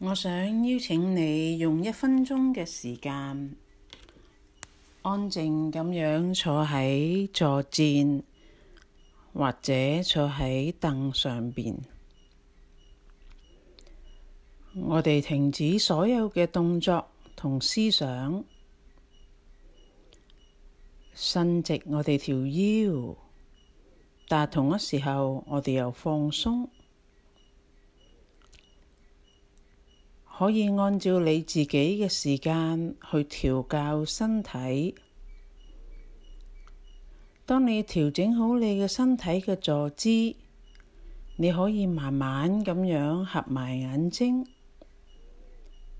我想邀請你用一分鐘嘅時間，安靜咁樣坐喺坐墊，或者坐喺凳上邊。我哋停止所有嘅動作同思想，伸直我哋條腰，但同一時候我哋又放鬆。可以按照你自己嘅時間去調教身體。當你調整好你嘅身體嘅坐姿，你可以慢慢咁樣合埋眼睛，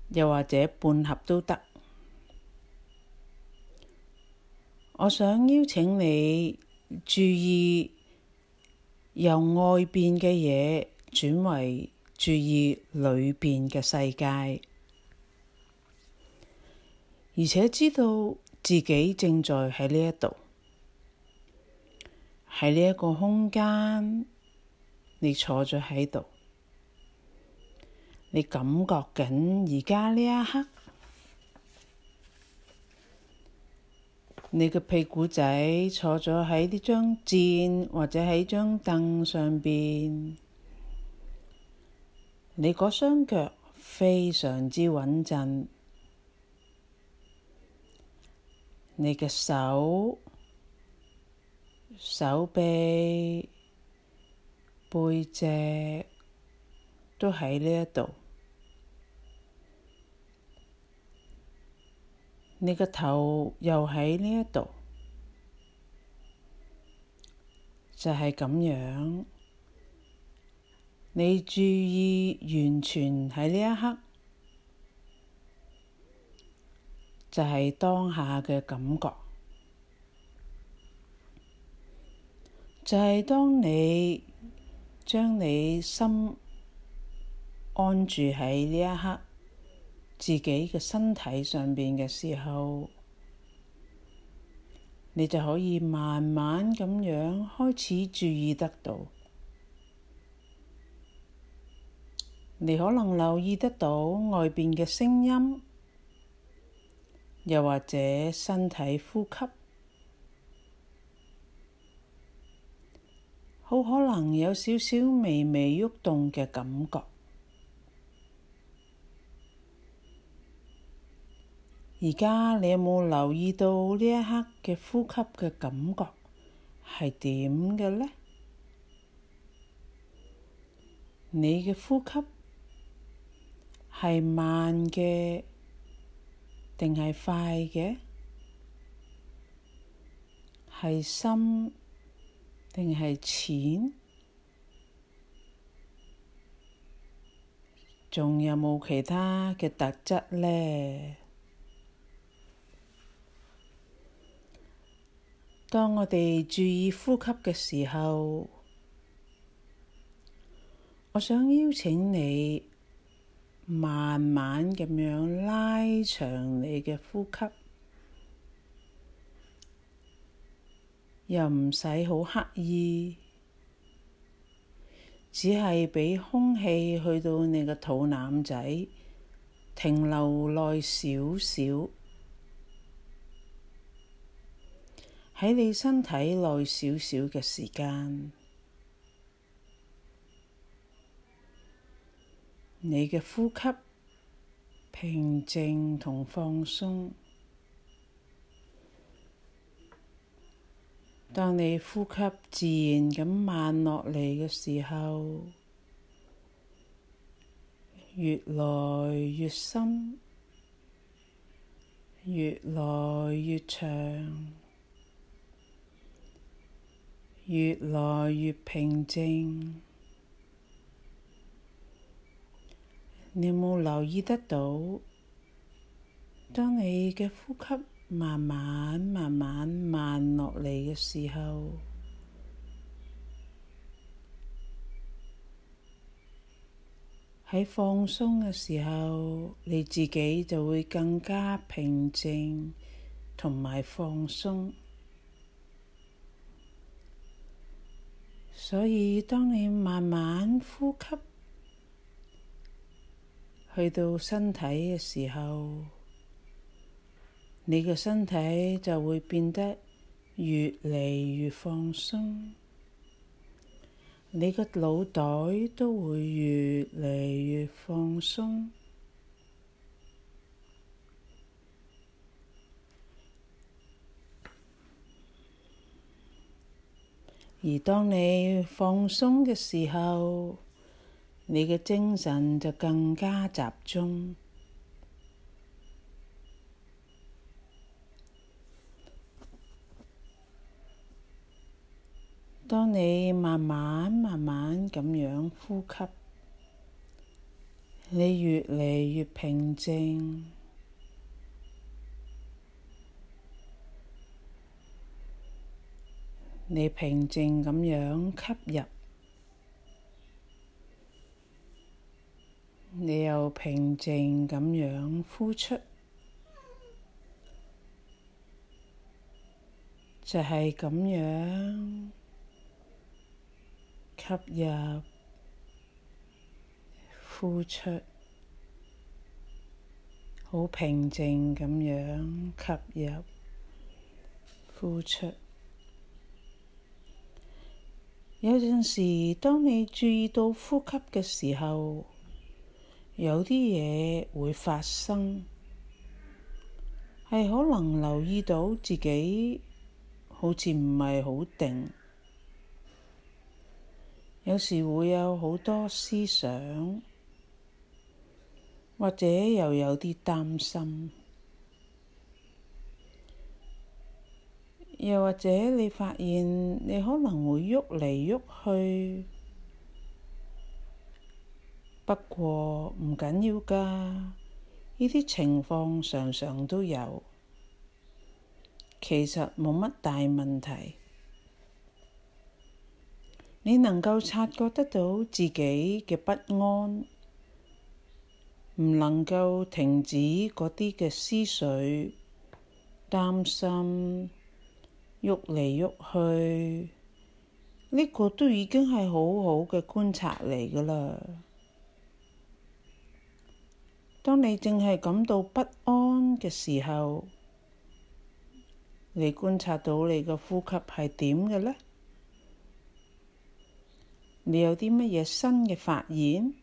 又或者半合都得。我想邀請你注意由外邊嘅嘢轉為。注意裏邊嘅世界，而且知道自己正在喺呢一度，喺呢一個空間，你坐咗喺度，你感覺緊而家呢一刻，你嘅屁股仔坐咗喺呢張墊或者喺張凳上邊。你嗰雙腳非常之穩陣，你嘅手、手臂、背脊都喺呢一度，你嘅頭又喺呢一度，就係咁樣。你注意，完全喺呢一刻就係當下嘅感覺，就係當你將你心安住喺呢一刻自己嘅身體上邊嘅時候，你就可以慢慢咁樣開始注意得到。你可能留意得到外邊嘅聲音，又或者身體呼吸，好可能有少少微微喐動嘅感覺。而家你有冇留意到呢一刻嘅呼吸嘅感覺係點嘅呢？你嘅呼吸。係慢嘅定係快嘅？係深定係淺？仲有冇其他嘅特質呢？當我哋注意呼吸嘅時候，我想邀請你。慢慢咁樣拉長你嘅呼吸，又唔使好刻意，只係俾空氣去到你個肚腩仔，停留耐少少，喺你身體內少少嘅時間。你嘅呼吸平靜同放鬆。當你呼吸自然咁慢落嚟嘅時候，越來越深，越來越長，越來越平靜。你有冇留意得到，當你嘅呼吸慢慢、慢慢慢落嚟嘅時候，喺放鬆嘅時候，你自己就會更加平靜同埋放鬆。所以，當你慢慢呼吸。去到身體嘅時候，你嘅身體就會變得越嚟越放鬆，你個腦袋都會越嚟越放鬆，而當你放鬆嘅時候。你嘅精神就更加集中。當你慢慢慢慢咁樣呼吸，你越嚟越平靜，你平靜咁樣吸入。你又平靜咁樣呼出，就係咁樣吸入、呼出，好平靜咁樣吸入、呼出。有陣時，當你注意到呼吸嘅時候，有啲嘢會發生，係可能留意到自己好似唔係好定，有時會有好多思想，或者又有啲擔心，又或者你發現你可能會喐嚟喐去。不過唔緊要㗎，呢啲情況常常都有，其實冇乜大問題。你能夠察覺得到自己嘅不安，唔能夠停止嗰啲嘅思緒擔心，喐嚟喐去，呢個都已經係好好嘅觀察嚟㗎啦。當你正係感到不安嘅時候，你觀察到你個呼吸係點嘅呢？你有啲乜嘢新嘅發現？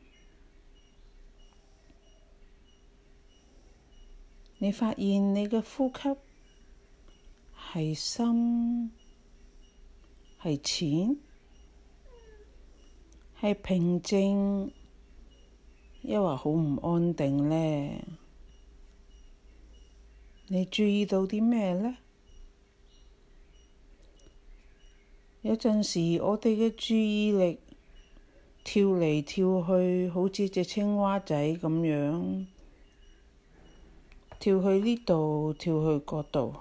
你發現你嘅呼吸係深、係淺、係平靜。一話好唔安定呢，你注意到啲咩呢？有陣時我哋嘅注意力跳嚟跳去，好似隻青蛙仔咁樣，跳去呢度，跳去嗰度，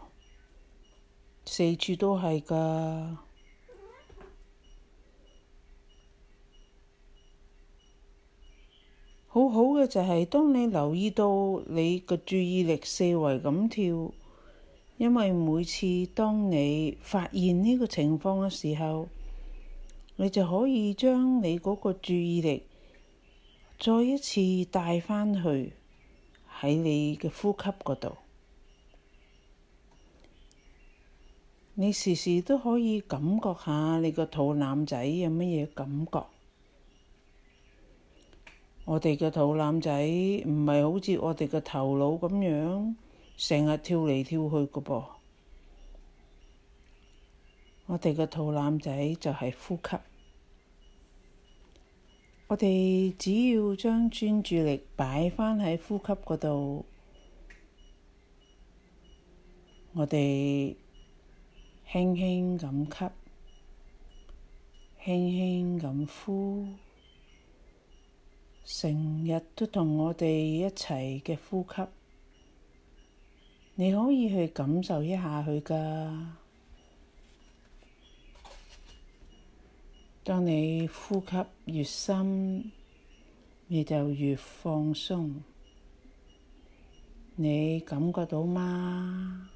四處都係噶。好好嘅就係，當你留意到你個注意力四圍咁跳，因為每次當你發現呢個情況嘅時候，你就可以將你嗰個注意力再一次帶返去喺你嘅呼吸嗰度。你時時都可以感覺下你個肚腩仔有乜嘢感覺。我哋嘅肚腩仔唔係好似我哋嘅頭腦咁樣，成日跳嚟跳去嘅噃。我哋嘅肚腩仔就係呼吸。我哋只要將專注力擺翻喺呼吸嗰度，我哋輕輕咁吸，輕輕咁呼。成日都同我哋一齊嘅呼吸，你可以去感受一下佢㗎。當你呼吸越深，你就越放鬆。你感覺到嗎？